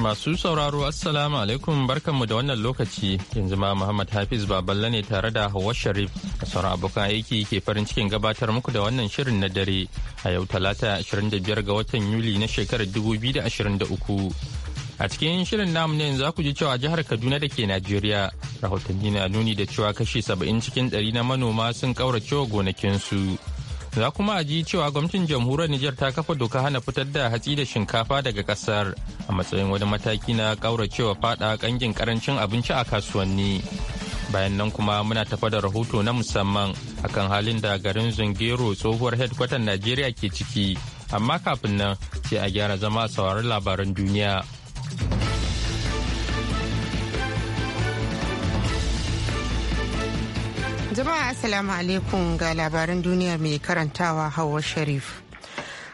Masu sauraro Assalamu alaikum barkanmu da wannan lokaci yanzu ma Muhammad Hafiz Baballe ne tare da Hawwa Sharif a sauran abokan aiki ke farin cikin gabatar muku da wannan shirin na dare a yau talata 25 ga watan Yuli na shekarar 2023. A cikin shirin namu ne za ku ji cewa jihar Kaduna da ke Najeriya rahotanni na nuni da cewa kashi 70 cikin 100 na manoma sun kaurace wa gonakinsu. su. Za kuma a ji cewa gwamnatin jamhuriyar Nijar ta kafa doka hana fitar da hatsi da shinkafa daga kasar a matsayin wani mataki na kauracewa fada kangin karancin abinci a kasuwanni. Bayan nan kuma muna tafa da rahoto na musamman akan halin da garin Zungero tsohuwar headquarter Najeriya ke ciki. Amma kafin nan sai a gyara zama sauraron labaran duniya. jama'a assalamu alaikum ga labaran duniya mai karantawa hawa sharif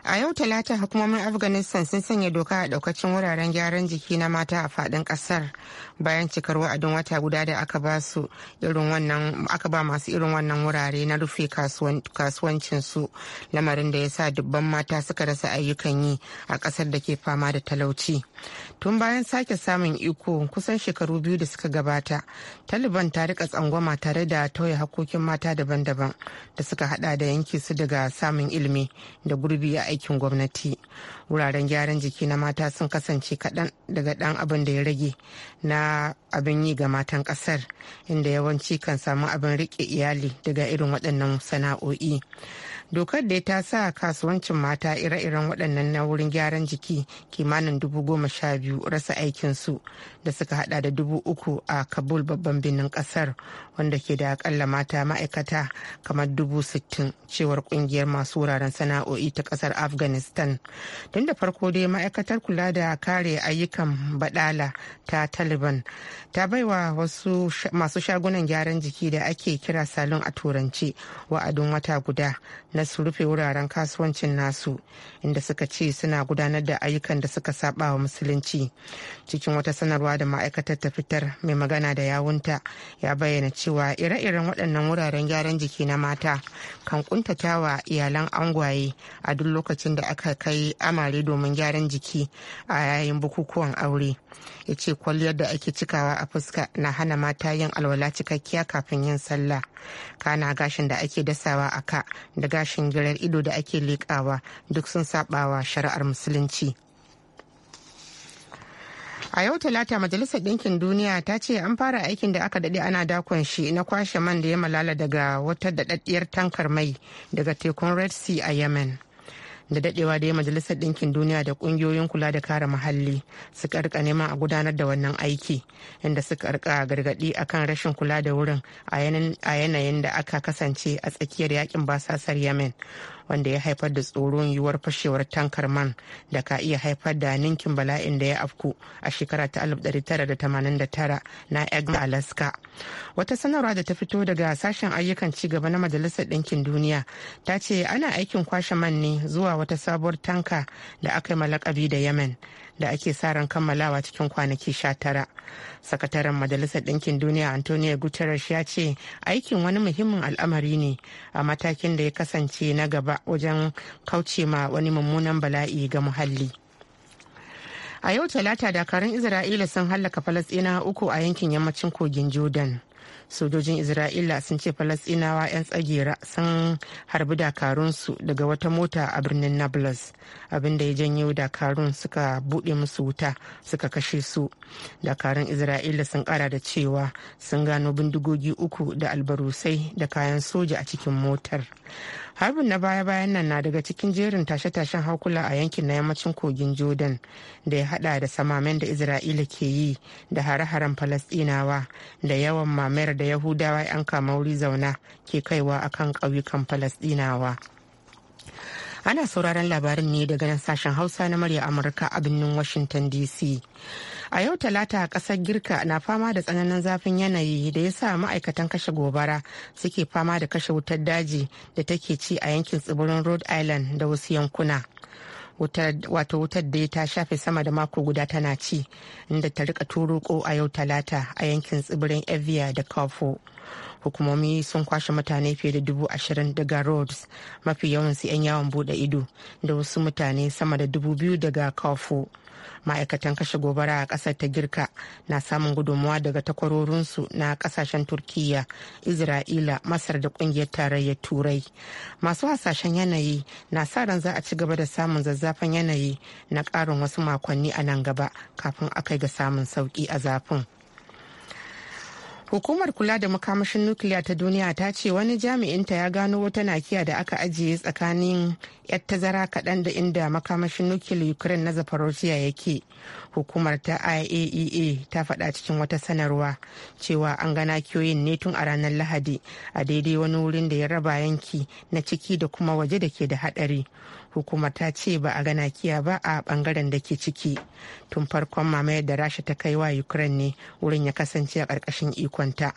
a yau talata hukumomin afghanistan sun sanya doka a daukacin wuraren gyaran jiki na mata a fadin kasar bayan cikar wa'adin wata guda da aka ba masu irin wannan wurare na rufe kasuwancin su lamarin da ya sa dubban mata suka rasa ayyukan yi a kasar da ke fama da talauci tun bayan sake samun iko kusan shekaru biyu da suka gabata taliban ta rika tsangwama tare da tauye hakokin mata daban-daban da suka hada da yanke su daga samun ilimi da gurbi a aikin gwamnati wuraren gyaran jiki na mata sun kasance kaɗan daga ɗan abin da ya rage na abin yi ga matan ƙasar inda yawanci kan samu abin rike iyali daga irin waɗannan sana'o'i dokar da ta sa kasuwancin mata ire-iren waɗannan na wurin gyaran jiki kimanin dubu goma sha biyu rasa aikinsu da suka hada da dubu uku a kabul babban birnin ƙasar wanda ke da akalla mata ma'aikata kamar dubu sittin cewar ƙungiyar masu wuraren sana'o'i ta ƙasar afghanistan tun da farko dai ma'aikatar kula da kare ayyukan baɗala ta taliban ta baiwa wasu masu shagunan gyaran jiki da ake kira salon a turance wa'adin wata guda na su rufe wuraren kasuwancin nasu inda suka ce suna gudanar da ayyukan da suka saba wa musulunci cikin wata sanarwa da ma'aikatar ta fitar mai magana da yawunta ya bayyana cewa ire-iren waɗannan wuraren gyaran jiki na mata kan kuntata wa iyalan angwaye a duk lokacin da aka kai amare domin gyaran jiki a yayin bukukuwan aure ya ce kwalliyar da ake cikawa a fuska na hana mata yin alwala cikakkiya kafin yin sallah kana gashin da ake dasawa a ka da shingirar ido da ake leƙawa duk sun saɓawa shari'ar musulunci a yau talata majalisar ɗinkin duniya ta ce an fara aikin da aka daɗe ana dakon shi na kwashe man da ya malala daga wata daɗaɗɗiyar tankar mai daga tekun red sea a yemen da dadewa da majalisar ɗinkin duniya da ƙungiyoyin kula da kare muhalli su karka nema a gudanar da wannan aiki inda suka karka gargaɗi akan rashin kula da wurin a yanayin da aka kasance a tsakiyar yakin basasar yemen wanda ya haifar da tsoron yiwuwar fashewar tankar man da ka iya haifar da ninkin bala'in da ya afku a shekara ta 1989 na egma alaska wata sanarwa da ta fito daga sashen ayyukan ci gaba na majalisar ɗinkin duniya ta ce ana aikin kwashe man ne zuwa wata sabuwar tanka da aka yi malakabi da yemen da ake sa ran kammalawa cikin kwanaki sha tara sakataren majalisar ɗinkin duniya antonio guterres ya ce aikin wani muhimmin al'amari ne a matakin da ya kasance na gaba wajen kauce ma wani mummunan bala'i ga muhalli. A yau talata dakarun Isra'ila sun hallaka Falasɗinawa uku a yankin yammacin kogin Jordan. Sojojin Isra'ila sun ce Falasɗinawa 'yan tsagera sun harbi dakarunsu daga wata mota a birnin Nablus, abinda ya janyo dakarun suka buɗe musu wuta suka kashe su. Dakarun Isra'ila sun ƙara da cewa sun gano bindigogi uku da albarusai da kayan soja a cikin motar. harbin na baya-bayan nan na daga cikin jerin tashe-tashen haukula a yankin na yammacin kogin jordan da ya hada da samamen da isra'ila ke yi da hare-haren falasdinawa da yawan mamayar da yahudawa 'yan kama wuri zauna ke kaiwa akan ƙauyukan falasdinawa ana sauraron labarin ne daga nan sashen hausa na murya amurka a birnin washington dc a yau talata ƙasar girka na fama da tsananin zafin yanayi da ya sa ma'aikatan kashe gobara suke fama da kashe wutar daji da take ci a yankin tsibirin rhode island da wasu yankuna wato wutar da ta shafe sama da mako guda tana ci inda ta rika turuko a yau talata a yankin tsibirin evia da kafo hukumomi sun kwashe mutane fiye da dubu ashirin daga rhodes mafi yawansu 'yan yawon bude ido da wasu mutane sama da dubu biyu daga kafo ma'aikatan kashe gobara a kasar ta girka na samun gudunmuwa daga takwarorinsu na kasashen turkiya isra'ila masar da ƙungiyar tarayyar turai masu hasashen yanayi na sa ran za a ci gaba da samun zazzafan yanayi na karin wasu makonni a nan gaba kafin akai ga samun sauki a zafin Hukumar kula da makamashin nukiliya ta duniya ta ce wani jami'inta ya gano wata nakiya da aka ajiye tsakanin 'yar tazara kaɗan da inda makamashin nukiliyar Ukraine na Zaporozhye yake. Hukumar ta IAEA e ta faɗa cikin wata sanarwa cewa an gana nakiyoyin ne tun a ranar Lahadi a daidai wani wurin da ya raba yanki na ciki da kuma waje da ke da haɗari. hukumar ta ce ba a gana kiya ba a bangaren da ke ciki tun farkon mamayar da rasha ta kai wa ukraine ne wurin ya kasance a ƙarƙashin ikonta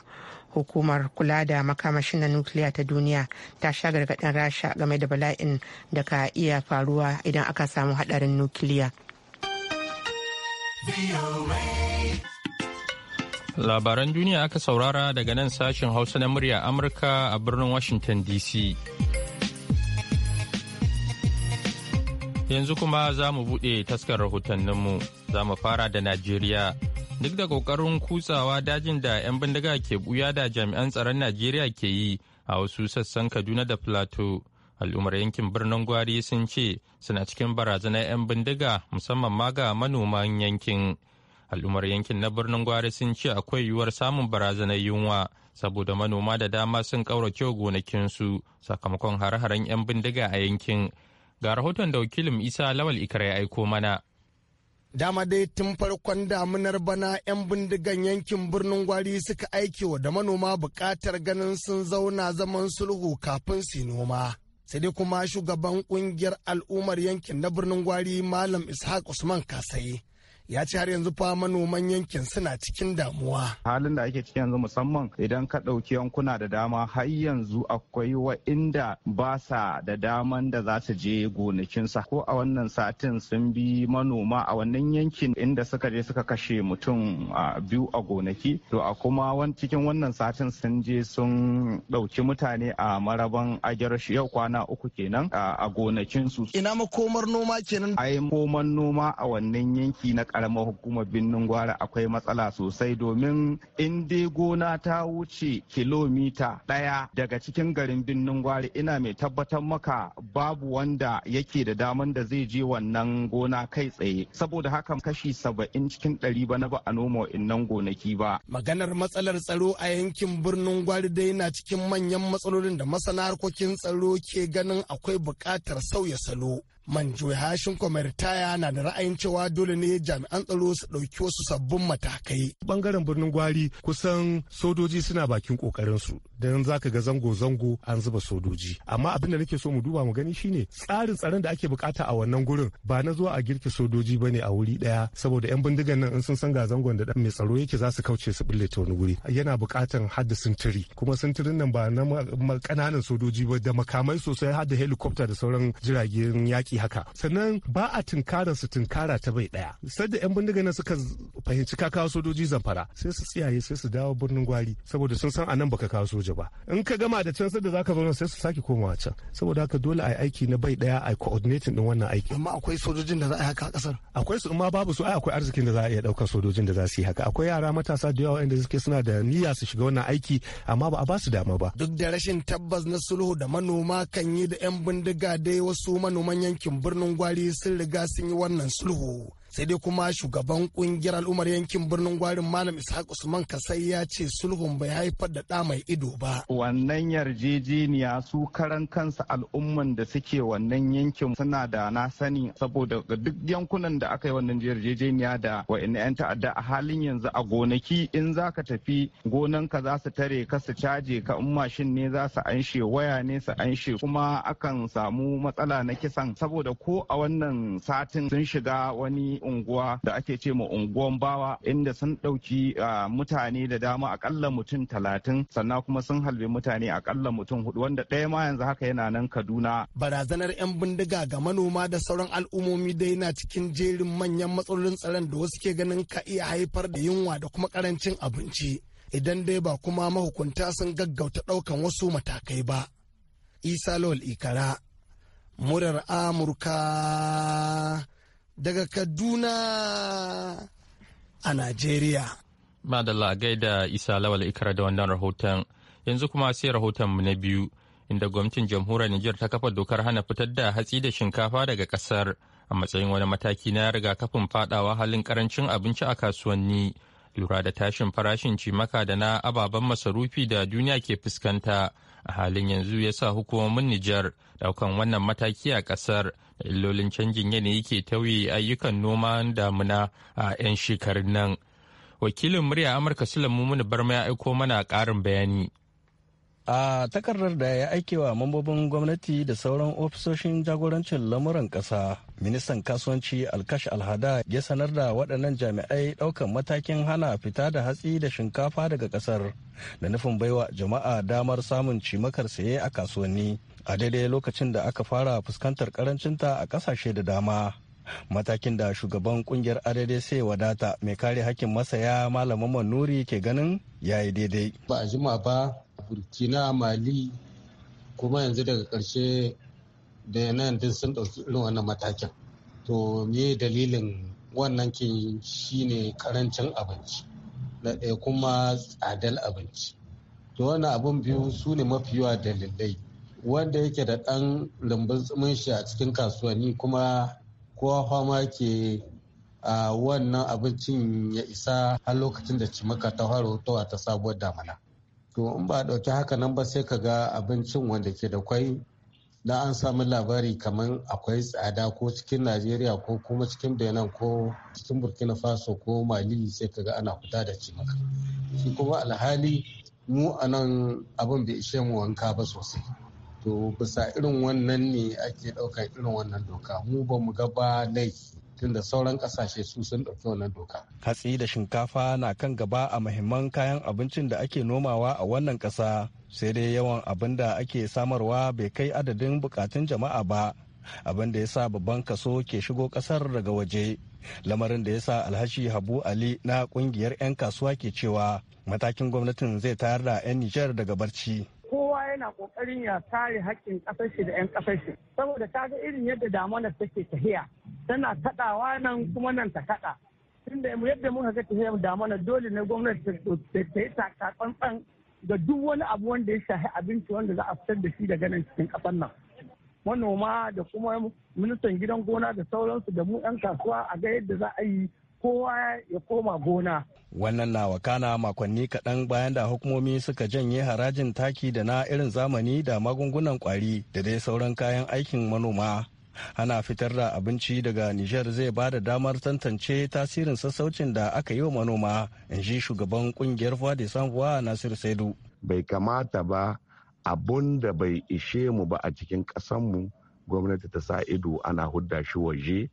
hukumar kula da makamashin na nukiliya ta duniya ta sha gargaɗin rasha game da bala'in da ka iya faruwa idan aka samu haɗarin nukiliya labaran duniya aka saurara daga nan sashen hausa na murya amurka a birnin washington dc Yanzu kuma za mu buɗe taskar rahotanninmu za mu fara da Najeriya. Duk da ƙoƙarin kutsawa dajin da 'yan bindiga ke buya da jami'an tsaron Najeriya ke yi a wasu sassan Kaduna da Plateau. Al'ummar yankin birnin Gwari sun ce suna cikin barazanar 'yan bindiga musamman ma ga manoman yankin. Al'ummar yankin na birnin Gwari sun ce akwai yiwuwar samun barazanar yunwa saboda manoma da dama sun ƙaurace gonakinsu sakamakon hare-haren 'yan bindiga a yankin. Ga rahoton da wakilin Isa Lawal Ikra ya aiko mana. Dama dai tun farkon damunar bana 'yan bindigan yankin birnin gwari suka aikewa da manoma buƙatar ganin sun zauna zaman sulhu kafin su noma. sai dai kuma shugaban ƙungiyar al'ummar yankin na birnin gwari malam ishaq usman kasai ya ce har yanzu fa manoman yankin suna cikin damuwa. Halin da ake ciki yanzu musamman idan ka ɗauki yankuna da dama har yanzu akwai wa'inda ba sa da daman da za su je gonakinsa ko a wannan satin sun bi manoma a wannan yankin inda suka je suka kashe mutum biyu a gonaki to a kuma cikin wannan satin sun je sun ɗauki mutane a maraban ajar yau kwana uku kenan a gonakinsu. Ina makomar noma kenan? Ai komar noma a wannan yanki na karamar hukumar birnin gwara akwai matsala sosai domin in dai gona ta wuce kilomita ɗaya daga cikin garin birnin gwari ina mai tabbatar maka babu wanda yake da daman da zai je wannan gona kai tsaye saboda haka kashi saba'in cikin ɗari ba na ba a noma innan gonaki ba. maganar matsalar tsaro a yankin birnin gwari dai na cikin manyan matsalolin da masana harkokin tsaro ke ganin akwai bukatar sauya salo manjoy hashin kwamitaya na da ra'ayin cewa dole ne jami'an tsaro su ɗauki wasu sabbin matakai bangaren birnin gwari kusan sojoji suna bakin kokarinsu don za ka ga zango-zango an zuba sojoji amma abin da nake so mu duba mu gani shine tsarin tsaron da ake bukata a wannan gurin ba na zuwa a girke sojoji ba ne a wuri daya saboda yan bindigan nan in sun san ga zangon da dan mai tsaro yake za su kauce su bulle ta wani wuri yana bukatan hada sintiri kuma sintirin nan ba na kananan sojoji ba da makamai sosai hadda helicopter da sauran jiragen yaƙi. haka sannan ba a tunkarar su tunkara ta bai daya sadda yan bindiga nan suka fahimci ka kawo sojoji zamfara sai su tsiyaye sai su dawo birnin gwari saboda sun san anan baka kawo soja ba in ka gama da can sadda zaka zauna sai su sake komawa can saboda haka dole a aiki na bai daya a coordinating din wannan aiki amma akwai sojojin da za a haka a kasar akwai su amma babu su ai akwai arzikin da za a iya daukar sojojin da za su yi haka akwai yara matasa da yawa inda suke suna da niyya su shiga wannan aiki amma ba a ba su dama ba duk da rashin tabbas na sulhu da manoma kan yi da yan bindiga dai wasu manoman yankin yankin birnin gwari sun riga sun yi wannan sulhu sai dai kuma shugaban kungiyar al'ummar yankin birnin gwarin malam ishaq usman kasai ya ce sulhun bai haifar da ɗa mai ido ba wannan yarjejeniya su karan kansa al'umman da suke wannan yankin suna da na sani saboda duk yankunan da aka yi wannan yarjejeniya da wa'in 'yan ta'adda a halin yanzu a gonaki in za ka tafi gonanka za su tare ka su caje ka in mashin ne za su anshe waya ne su anshe kuma akan samu matsala na kisan saboda ko a wannan satin sun shiga wani unguwa da ake ce ma unguwan bawa inda sun ɗauki mutane da dama akalla mutum talatin sannan kuma sun halbe mutane akalla mutum hudu wanda ɗaya ma yanzu haka yana nan kaduna. barazanar 'yan bindiga ga manoma da sauran al'ummomi dai na cikin jerin manyan matsalolin tsaron da wasu ke ganin ka iya haifar da yunwa da kuma karancin abinci idan dai ba kuma mahukunta sun gaggauta ɗaukan wasu matakai ba. isa lol ikara murar amurka daga Kaduna a Najeriya. Madalla gaida Isa Lawal ikara da wannan rahoton. Yanzu kuma sai rahoton mu na biyu, inda gwamnatin jamhuriyar Nijar ta kafa dokar hana fitar da hatsi da shinkafa daga kasar a matsayin wani mataki na riga kafin fadawa halin karancin abinci a kasuwanni. Lura da tashin farashin cimaka da na ababen masarufi da duniya ke fuskanta a halin yanzu ya sa hukumomin Nijar daukan wannan mataki a kasar. illolin canjin yanayi ke tauye ayyukan noma da damuna a 'yan shekarun nan wakilin murya amurka sulan barma ya aiko mana ƙarin bayani a takardar da ya aikewa mambobin gwamnati da sauran ofisoshin jagorancin lamuran kasa ministan kasuwanci alkash alhada ya sanar da waɗannan jami'ai ɗaukan matakin hana fita da hatsi da shinkafa daga ƙasar da nufin baiwa jama'a damar samun cimakar saye a kasuwanni a daidai lokacin da aka fara fuskantar karancinta a kasashe da dama matakin da shugaban kungiyar sai wadata mai kare hakkin masaya malamin manuri ke ganin ya yi daidai ba a jima ba burkina mali kuma yanzu daga karshe da yanayin din sun ɗauki irin wannan matakin to me dalilin wannan ke shine karancin abinci na ɗaya kuma tsadar abinci to wannan abin biyu su ne mafi yawa dalilai wanda yake da ɗan lambun tsimin shi a cikin kasuwanni kuma kowa fama ke a wannan abincin ya isa har lokacin da cimaka ta faro ta ta sabuwar damana to in ba a ɗauki haka nan ba sai ka ga abincin wanda ke da kwai na an samu labari kamar akwai tsada ko cikin najeriya ko kuma cikin benin ko cikin burkina faso ko mali sai ka ga ana fita da cimaka shi kuma alhali mu anan abin bai ishe mu wanka ba sosai to bisa irin wannan ne ake ɗaukar irin wannan doka mu ba mu gaba laifi tunda sauran kasashe su sun ɗauki wannan doka. Hatsi da shinkafa na kan gaba a mahimman kayan abincin da ake nomawa a wannan ƙasa sai dai yawan abin da ake samarwa bai kai adadin bukatun jama'a ba abin da ya sa babban kaso ke shigo ƙasar daga waje. Lamarin da ya sa Alhashi Habu Ali na ƙungiyar 'yan kasuwa ke cewa matakin gwamnatin zai tayar da 'yan Nijar daga barci. yana kokarin ya kare hakkin ƙasar shi da 'yan ƙasar shi saboda ga irin yadda damuwar take tahiya tana kaɗawa nan kuma nan ta kaɗa tunda yadda muka ga tahiyar damuwar dole ne gwamnati ta yi takatsantsan ga duk wani abu wanda ya shafi abinci wanda za a fitar da shi daga nan cikin ƙasar nan manoma da kuma ministan gidan gona da sauransu da mu 'yan kasuwa a ga yadda za a yi kowa ya koma gona wannan na wakana makonni kaɗan bayan da hukumomi suka janye harajin taki da na irin zamani da magungunan kwari da dai sauran kayan aikin manoma ana fitar da abinci daga nijar zai ba da damar tantance tasirin sassaucin da aka yi wa manoma in ji shugaban kungiyar voix de san saidu bai kamata ba abun da bai ishe mu ba a cikin mu gwamnati ta sa ido ana hudda shi waje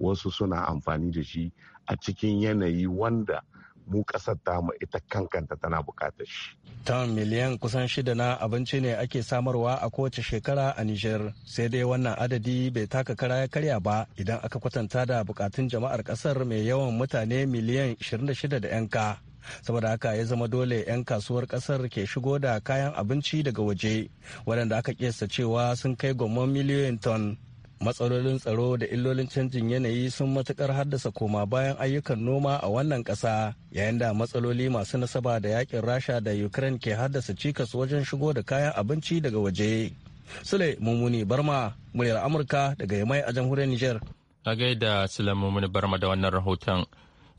wasu suna amfani da shi a cikin yanayi wanda mu kasar tamu ita kankanta tana bukatar shi. Tan miliyan kusan shida na abinci ne ake samarwa a kowace shekara a Nijar, sai dai wannan adadi bai taka kara ya karya ba idan aka kwatanta da bukatun jama'ar kasar mai yawan mutane miliyan 26 da 'yanka. saboda haka ya zama dole 'yan kasuwar kasar ke shigo da kayan abinci daga waje waɗanda aka kesa cewa sun kai gomman miliyoyin ton matsalolin tsaro da illolin canjin yanayi sun matukar haddasa koma bayan ayyukan noma a wannan ƙasa yayin da matsaloli masu nasaba da yakin rasha da ukraine ke haddasa cikas wajen shigo da kayan abinci daga waje sule mummuni barma muryar amurka daga yamai a jamhuriyar niger a gaida sule mummuni barma da wannan rahoton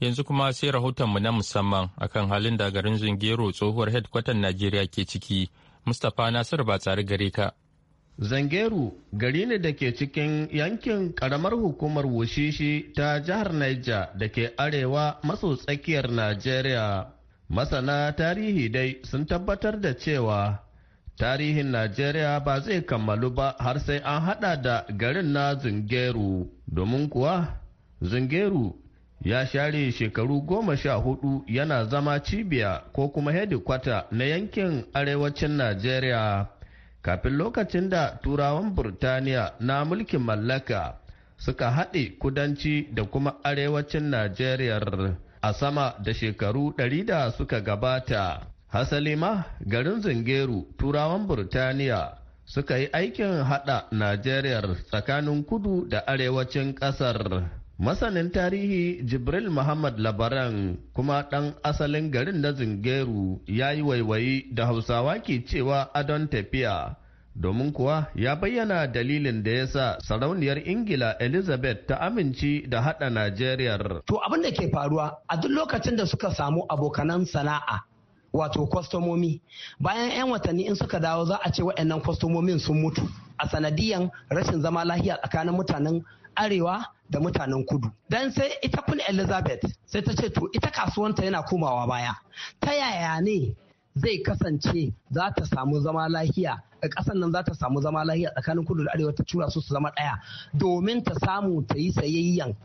yanzu kuma sai rahoton mu na musamman akan halin da garin zungero tsohuwar hedkwatan najeriya ke ciki mustapha nasir ba tsari gare ka Zangeru gari ne da ke cikin yankin karamar hukumar Wushishi ta jihar Niger da ke arewa maso tsakiyar Najeriya. Masana tarihi dai sun tabbatar da cewa tarihin Najeriya ba zai kammalu ba har sai an hada da garin na Zungeru. Domin kuwa Zungeru ya share shekaru goma sha hudu yana zama cibiya ko kuma hedikwata na yankin arewacin Najeriya. kafin lokacin da turawan burtaniya na mulkin mallaka suka haɗe kudanci da kuma arewacin najeriya a sama da shekaru ɗari da suka gabata hasali ma garin zingeru turawan burtaniya suka yi aikin haɗa najeriya tsakanin kudu da arewacin ƙasar Masanin tarihi Jibril Muhammad Labaran kuma ɗan asalin garin na Zingeru ya yi waiwayi da Hausawa ke cewa adon tafiya. Domin kuwa ya bayyana dalilin da ya sa sarauniyar Ingila Elizabeth ta aminci da haɗa Najeriya. To abin da ke faruwa a duk lokacin da suka samu abokanan sana'a wato kwastomomi bayan 'yan watanni in suka dawo za a ce waɗannan kwastomomin sun mutu a sanadiyan rashin zama lahiya tsakanin mutanen arewa da mutanen kudu dan sai ita kun elizabeth sai ta ce to ita kasuwanta yana komawa baya ta yaya ne zai kasance za ta samu zama lahiya a ƙasar nan za ta samu zama lahiya tsakanin kudu da arewa ta tura su su zama ɗaya domin ta samu ta yi sayayyan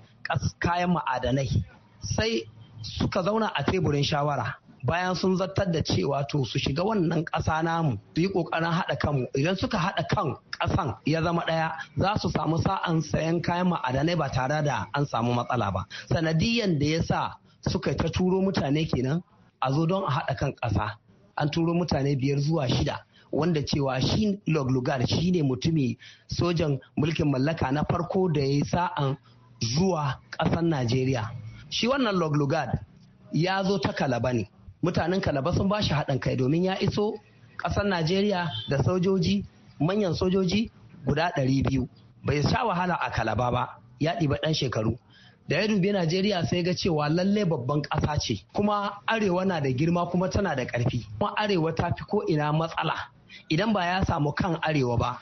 kayan ma'adanai sai suka zauna a teburin shawara bayan sun zartar da cewa to su shiga wannan ƙasa namu su yi ƙoƙarin haɗa kanmu idan suka haɗa kan ƙasan ya zama ɗaya za su samu sa'an sayan kayan ma'adanai ba tare da an samu matsala ba sanadiyan da ya sa suka ta turo mutane kenan a zo don a haɗa kan ƙasa an turo mutane biyar zuwa shida wanda cewa shi loglugar shi ne mutumi sojan mulkin mallaka na farko da ya yi sa'an zuwa ƙasar najeriya shi wannan loglugard ya zo ta kalaba ne mutanen kalaba sun ba shi haɗin kai domin ya iso ƙasar najeriya da sojoji manyan sojoji guda ɗari biyu bai sha wahala a kalaba ba ya ɗiba ɗan shekaru da ya dubi najeriya sai ga cewa lalle babban ƙasa ce kuma arewa na da girma kuma tana da ƙarfi kuma arewa ta fi ko ina matsala idan ba ya samu kan arewa ba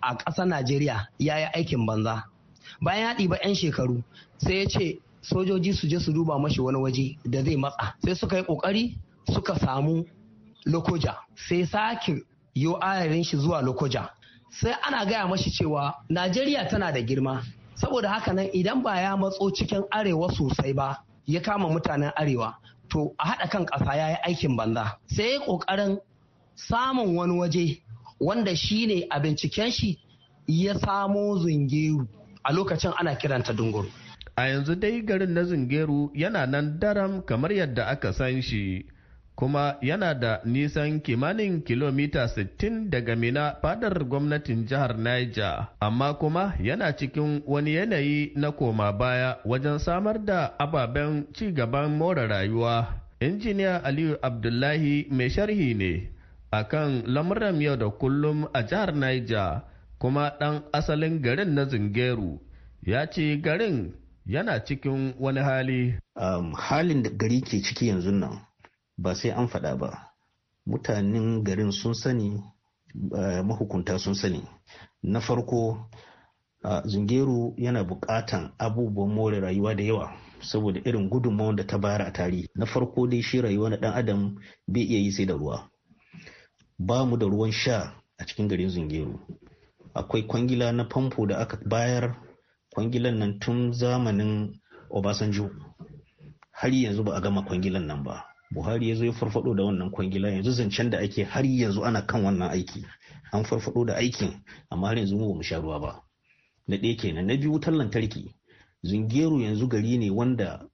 a ƙasar najeriya ya yi aikin banza bayan ya ɗiba 'yan shekaru sai ya ce sojoji su je su duba mashi wani waje da zai matsa sai suka yi kokari suka samu lokoja sai sake yo ayarin shi zuwa lokoja sai ana gaya mashi cewa najeriya tana da girma saboda haka nan idan ba ya matso cikin arewa sosai ba ya kama mutanen arewa to a haɗa kan ƙasa ya yi aikin banza sai ya ƙoƙarin samun wani waje wanda shi ne a binciken shi ya samo zungeru a lokacin ana kiranta dunguru A yanzu dai garin na Zingeru yana nan daram kamar yadda aka san shi, kuma yana da nisan kimanin kilomita 60 daga Mina fadar gwamnatin jihar Niger, amma kuma yana cikin wani yanayi na koma baya wajen samar da ababen ci gaban more rayuwa. Injiniya Aliyu Abdullahi mai sharhi ne a kan lamuran yau da kullum a jihar Niger, kuma ɗan asalin garin na Zingeru, ya ce garin yana cikin wani hali. Um, halin da gari ke ciki yanzu nan ba sai an faɗa ba. Mutanen garin sun sani, uh, mahukunta sun sani. Na farko, uh, zungeru yana buƙatan abubuwan more rayuwa da yawa saboda irin gudunmawar da ta bara a tarihi. Na farko dai shi rayuwa na ɗan adam bai iya yi sai da ruwa. Ba mu da ruwan sha a cikin garin zungeru. Akwai kwangila na famfo da aka bayar kwangilan nan tun zamanin obasanjo har yanzu ba a gama kwangilan nan ba buhari ya zo ya farfado da wannan kwangila yanzu zancen da ake har yanzu ana kan wannan aiki an farfado da aikin amma har yanzu mu sha ruwa ba na ɗaya kenan na biyu wutar lantarki zungeru yanzu gari ne wanda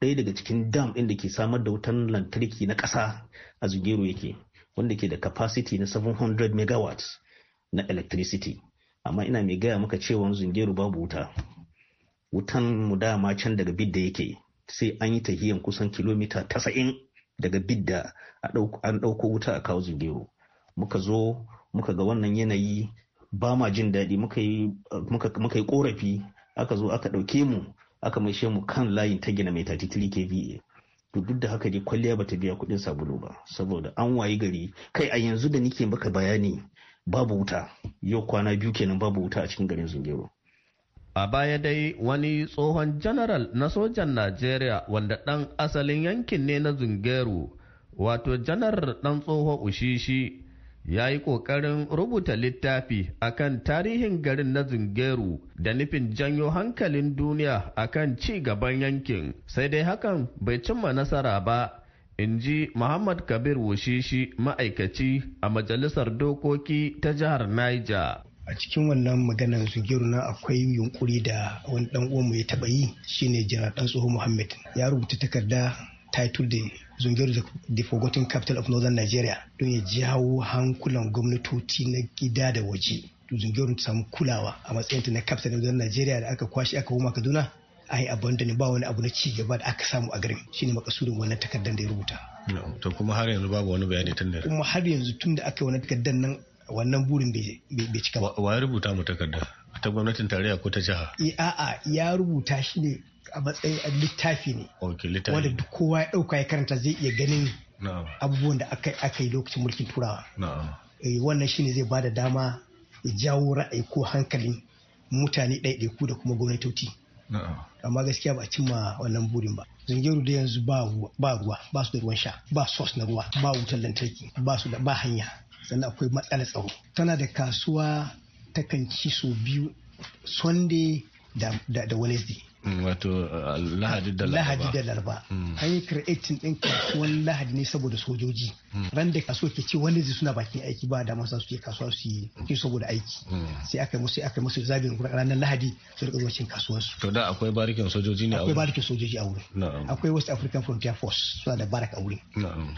ɗaya daga cikin dam ɗin da ke samar da wutar lantarki na ƙasa a zungeru yake wanda ke da capacity na 700 megawatts na electricity amma ina mai gaya maka cewa zungeru babu wuta wutan mu dama can daga bidda yake sai an yi tahiyan kusan kilomita tasa'in daga bidda an ɗauko wuta a kawo zungeru muka zo muka ga wannan yanayi ba ma jin daɗi muka yi korafi aka zo aka ɗauke mu aka maishe mu kan layin ta gina mai 33 kva to duk da haka dai kwalliya bata biya kuɗin sabulu ba saboda an wayi gari kai a yanzu da nike maka bayani babu wuta yau kwana biyu kenan babu wuta a cikin garin zungero a baya dai wani tsohon janaral na sojan najeriya wanda dan asalin yankin ne na zungero wato janar dan tsoho ushishi ya yi ƙoƙarin rubuta littafi akan tarihin garin na zungeru da nufin janyo hankalin duniya akan ci gaban yankin sai dai hakan bai cimma nasara ba in ji Muhammad Kabir Wushishi ma'aikaci a Majalisar Dokoki ta Jihar Niger. a cikin wannan maganar zugiru na akwai yunkuri da wani dan mu ya taba yi shine janar dan tsoho muhammad ya rubuta takarda title da zungiru the forgotten capital of northern nigeria don ya jawo hankulan gwamnatoci na gida da waje zungiru ta samu kulawa a matsayin na capital of northern nigeria da aka kwashe aka koma kaduna an yi abandon ba wani abu na ci gaba da aka samu a garin shine makasudin wannan takardar da ya rubuta to kuma har yanzu babu wani bayani tun da kuma har yanzu tun da aka yi wannan takardar nan wannan burin bai cika ba wa ya rubuta mu takardar ta gwamnatin tarayya ko ta jiha eh, a'a ya rubuta shi ne a matsayin littafi ne wanda duk kowa ya dauka ya karanta zai iya ganin abubuwan da aka yi lokacin mulkin turawa eh, wannan shine zai bada dama ya jawo ra'ayi ko hankalin mutane ɗaiɗaiku da kuma gwamnatoci amma gaskiya ba a cimma wannan burin ba zangeru da yanzu ba ruwa ba su da ruwan sha ba sos na ruwa ba wutar lantarki ba su da ba hanya sannan akwai matsala tsaro tana da kasuwa takan ci sau biyu sunday da wednesday Mm, wato uh, lahadi da laraba lahadi da laraba mm. an yi creatin din kasuwan lahadi ne saboda sojoji mm. ran da kasuwa ke ce wani zai suna bakin aiki ba da masu suke kasuwa su yi saboda aiki sai aka musu aka musu zabin ranar lahadi su rika zuwa cin kasuwar su to da akwai barikin sojoji ne a akwai barikin sojoji a wurin akwai West African Frontier Force suna da barak a wurin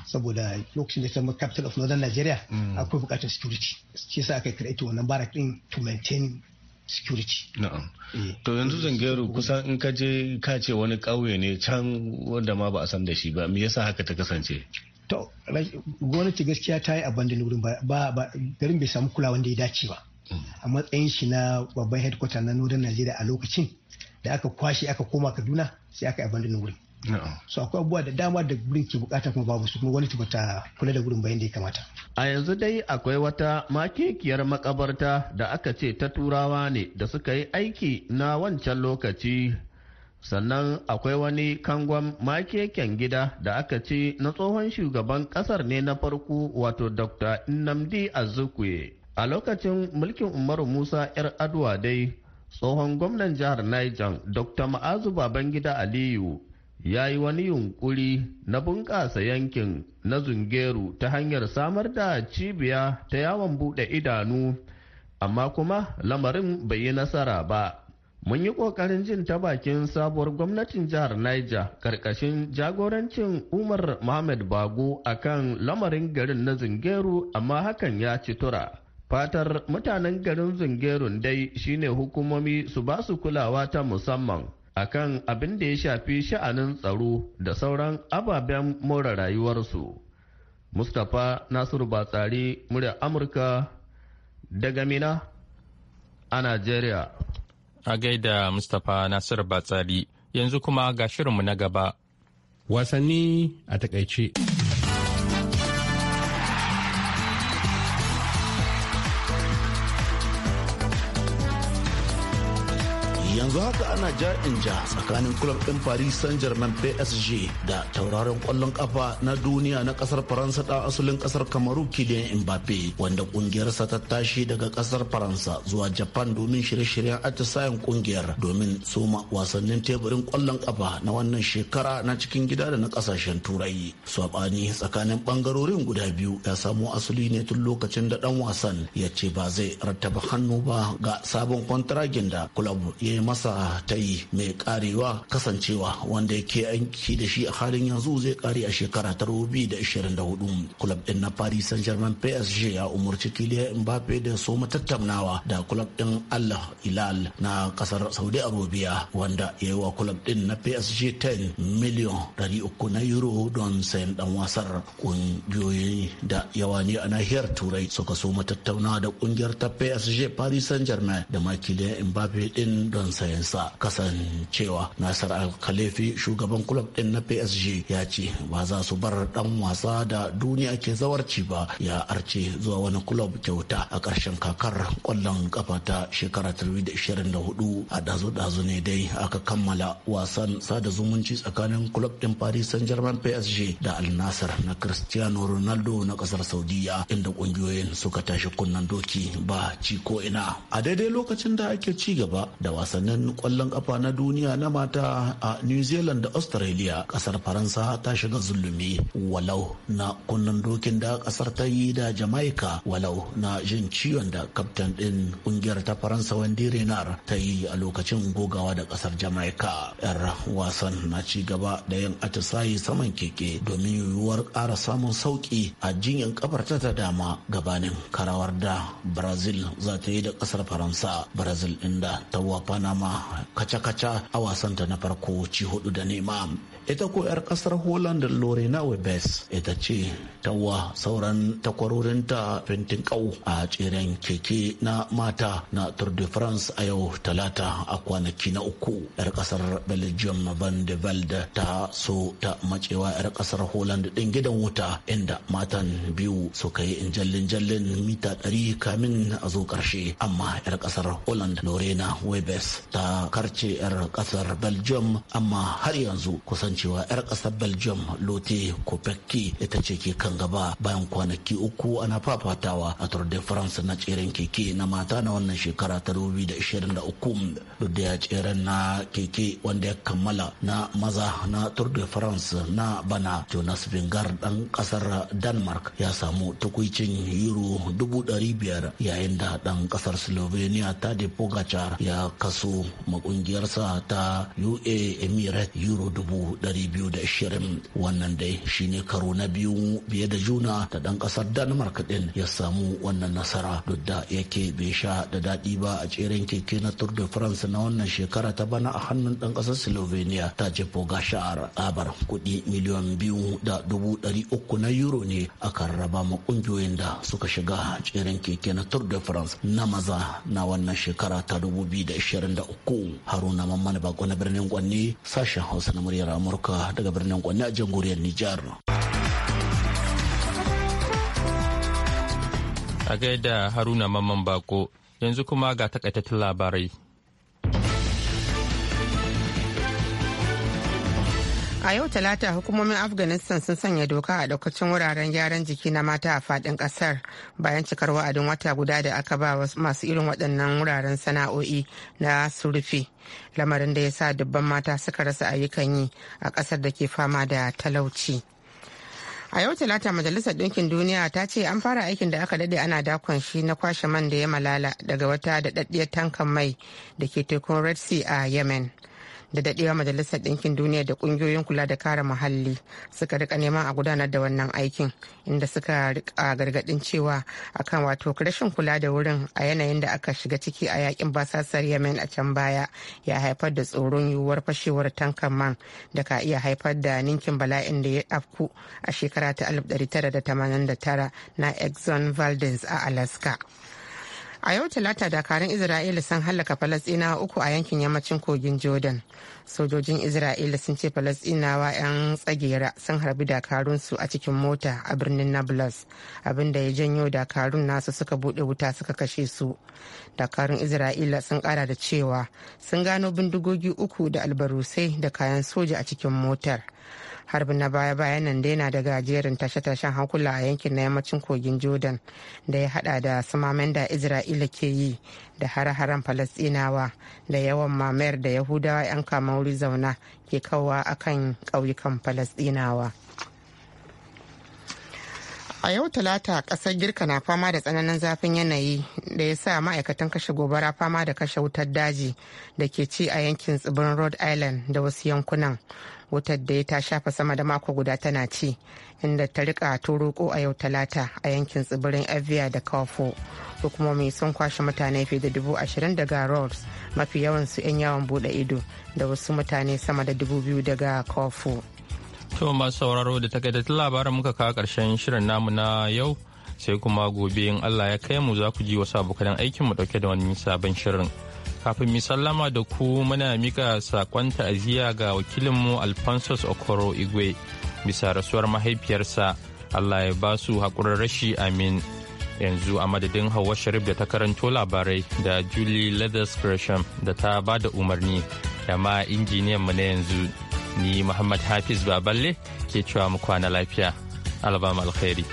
saboda lokacin da ta zama capital of Northern Nigeria akwai bukatar security shi yasa aka create wannan barak din to maintain security na'am eh. to yanzu zangero kusan in ka je ka ce wani ƙauye ne can wanda ma ba a san da shi ba me yasa haka ta kasance to gwamnati gaskiya ta yi abandon wurin ba garin bai samu kula wanda ya dace ba mm. a matsayin shi na babban headquarter na northern najeriya a lokacin da aka kwashe aka koma kaduna sai aka abandon wurin so akwai abubuwa da dama da gurin ke bukata kuma babu su kuma gwamnati ba ta kula da gurin bayan da ya kamata a yanzu dai akwai wata makekiyar makabarta da aka ce ta turawa ne da suka yi aiki na wancan lokaci sannan akwai wani kangon makeken gida da aka ce na tsohon shugaban kasar ne na farko wato dr nnamdi azukwe a lokacin mulkin umaru musa yar adwa dai tsohon gwamnan jihar niger dr ma'azu babangida aliyu ya yi wani yunkuri na bunƙasa yankin na zungeru ta hanyar samar da cibiya ta yawon buɗe idanu amma kuma lamarin bai yi nasara ba mun yi ƙoƙarin jin ta bakin sabuwar gwamnatin jihar niger ƙarƙashin jagorancin umar mohamed bago a kan lamarin garin na zungeru amma hakan ya ci tura fatar mutanen garin zungerun dai shine hukumomi su ba su kulawa ta musamman akan abin da ya shafi sha'anin tsaro da sauran ababen more rayuwarsu. Mustapha Nasiru Batsari murya Amurka daga Mina a Najeriya. A gaida Mustapha Nasiru Batsari yanzu kuma ga shirinmu na gaba. Wasanni a takaice. yanzu haka ana ja in ja tsakanin club ɗin paris saint germain psg da tauraron kwallon kafa na duniya na ƙasar faransa da asalin ƙasar kamaru kidan mbappe wanda ƙungiyarsa ta tashi daga ƙasar faransa zuwa japan domin shirye-shiryen atisayen ƙungiyar domin soma wasannin teburin kwallon kafa na wannan shekara na cikin gida da na ƙasashen turai saɓani tsakanin bangarorin guda biyu ya samo asali ne tun lokacin da ɗan wasan ya ce ba zai rattaba hannu ba ga sabon kwantaragin da club ya yi masa ta yi mai karewa kasancewa wanda yake aiki da shi a halin yanzu zai kare a shekara ta 2024 club din na paris saint germain psg ya umarci kiliyan mbappe da so tattaunawa da club din allah ilal na kasar saudi arabia wanda ya yi wa club din na psg 10 miliyan 300 na euro don sayan dan wasar kungiyoyi da yawa ne a nahiyar turai suka so tattaunawa da kungiyar ta psg paris saint germain da makiliyan mbappe din don sayan yansa kasancewa nasir al-khalifi shugaban kulob din na psg ya ce ba za su bar dan wasa da duniya ke zawarci ba ya arce zuwa wani kulob kyauta a ƙarshen kakar kwallon kafa ta shekara 2024 a dazu-dazu ne dai aka kammala wasan sada zumunci tsakanin kulob din paris saint germain psg da al nasir na cristiano ronaldo na kasar saudiya inda kungiyoyin suka tashi kunnan doki ba ci ko ina a daidai lokacin da ake ci gaba da wasannin wasannin kwallon kafa na duniya na mata a new zealand da australia kasar faransa ta shiga zulumi walau na kunnen dokin da kasar ta yi da Jama'ika. walau na jin ciwon da kaftan din kungiyar ta faransa wendy renar ta yi a lokacin gogawa da kasar Jama'ika. yar wasan na ci gaba da yin atisayi saman keke domin yiwuwar ƙara samun sauki a jinyan kafar ta ta dama gabanin karawar da brazil za ta yi da kasar faransa brazil inda ta wa panama kaca-kaca a wasanta na farko ci hudu da nema ita ko 'yar kasar holland lorena webes ita ce tawa sauran takwarorinta fintin kau a tseren keke na mata na tour de france a yau talata a kwanaki na uku 'yar kasar belgium van de velde ta so ta macewa 'yar kasar holland din gidan wuta inda matan biyu suka yi injallin jallin mita 100 kamin a zo karshe amma 'yar kasar holland lorena webes ta ta karce 'yar kasar belgium amma har yanzu kusancewa 'yar kasar belgium lote kopekki ita ce ke kan gaba bayan kwanaki uku ana fafatawa a tour de france na tseren keke na mata na wannan shekara ta 2023 duk da ya tseren na keke wanda ya kammala na maza na tour de france na bana jonas vingard dan kasar denmark ya samu tukwicin euro biyar. yayin da dan kasar slovenia ta de pogacar ya kaso makungiyarsa ta ua emirat euro dubu dari biyu da wannan dai shine karo na biyu biye da juna ta dan kasar denmark din ya samu wannan nasara duk da yake bai sha da daɗi ba a tseren keke na tour de france na wannan shekara ta bana a hannun dan kasar slovenia ta je jefo gashar abar kuɗi miliyan biyu da dubu dari uku na euro ne akan raba ma kungiyoyin da suka shiga tseren keke na tour de france na maza na wannan shekara ta dubu biyu da ishirin da uku haruna mamman bako na birnin kwanne sashen hausa na muryar amurka daga birnin kwanne a jamhuriyar nijar a gaida haruna mamman bako yanzu kuma ga takaitattun labarai A yau talata hukumomin Afghanistan sun sanya doka a daukacin wuraren gyaran jiki na mata a fadin kasar bayan cikar wa'adin wata guda da aka ba masu irin waɗannan wuraren sana'o'i na surufi. Lamarin da ya sa dubban mata suka rasa ayyukan yi a kasar da ke fama da talauci. a yau talata majalisar ɗinkin duniya ta ce an fara aikin da aka daɗe ana dakon shi na kwashe man da ya malala daga wata daɗaɗɗiyar tankan mai da ke tekun red sea a yemen da daɗewa majalisar ɗinkin duniya da ƙungiyoyin kula da kare muhalli suka rika neman a gudanar da wannan aikin inda suka rika gargaɗin cewa akan wato rashin kula da wurin a yanayin da aka shiga ciki a yakin basasar yemen a can baya ya haifar da tsoron yiwuwar fashewar tankan man da ka iya haifar da ninkin bala'in da ya afku a shekara ta 1989 na exxon valdez a alaska a yau talata dakarun isra'ila sun hallaka falasɗinawa uku a yankin yammacin kogin jordan sojojin isra'ila sun ce falasɗinawa 'yan tsagera sun harbi dakarunsu a cikin mota a birnin nablus abinda ya janyo dakarun nasu suka buɗe wuta suka kashe su dakarun isra'ila sun ƙara da cewa sun gano bindigogi uku da albarusai da kayan soja a cikin motar harbin na baya-bayan nan dai na daga jerin tashe-tashen hankula a yankin na yammacin kogin jordan da ya hada da sumamen da isra'ila ke yi da hare-haren falasinawa da yawan mamayar da yahudawa 'yan kama wuri zauna ke a akan ƙauyukan falasinawa a yau talata kasar girka na fama da tsananin zafin yanayi da ya sa ma'aikatan kashe gobara fama da kashe wutar daji da ke ci a yankin tsibirin rhode island da wasu yankunan wutar da ya ta shafa sama da mako guda tana ci inda ta rika turoko a yau talata a yankin tsibirin evia da kafo hukumomi sun kwashe mutane fiye da dubu ashirin daga rhodes mafi yawansu 'yan yawon bude ido da wasu mutane sama da dubu biyu daga kafo To masu sauraro da takaitattun labaran muka kawo ƙarshen shirin namu na yau sai kuma gobe in Allah ya kai mu za ku ji wasu abokan aikin mu dauke da wani sabon shirin. Kafin mi sallama da ku muna mika sakon ta'aziyya ga wakilinmu Alphonsus Okoro Igwe bisa rasuwar mahaifiyarsa Allah ya ba su haƙurin rashi amin. Yanzu a madadin Hauwa Sharif da ta karanto labarai da Julie Leathers Gresham da ta ba da umarni da ma injiniyan mu na yanzu. ni Muhammad Hafiz Baballe ke cewa mu kwana lafiya. Albam alkhairi.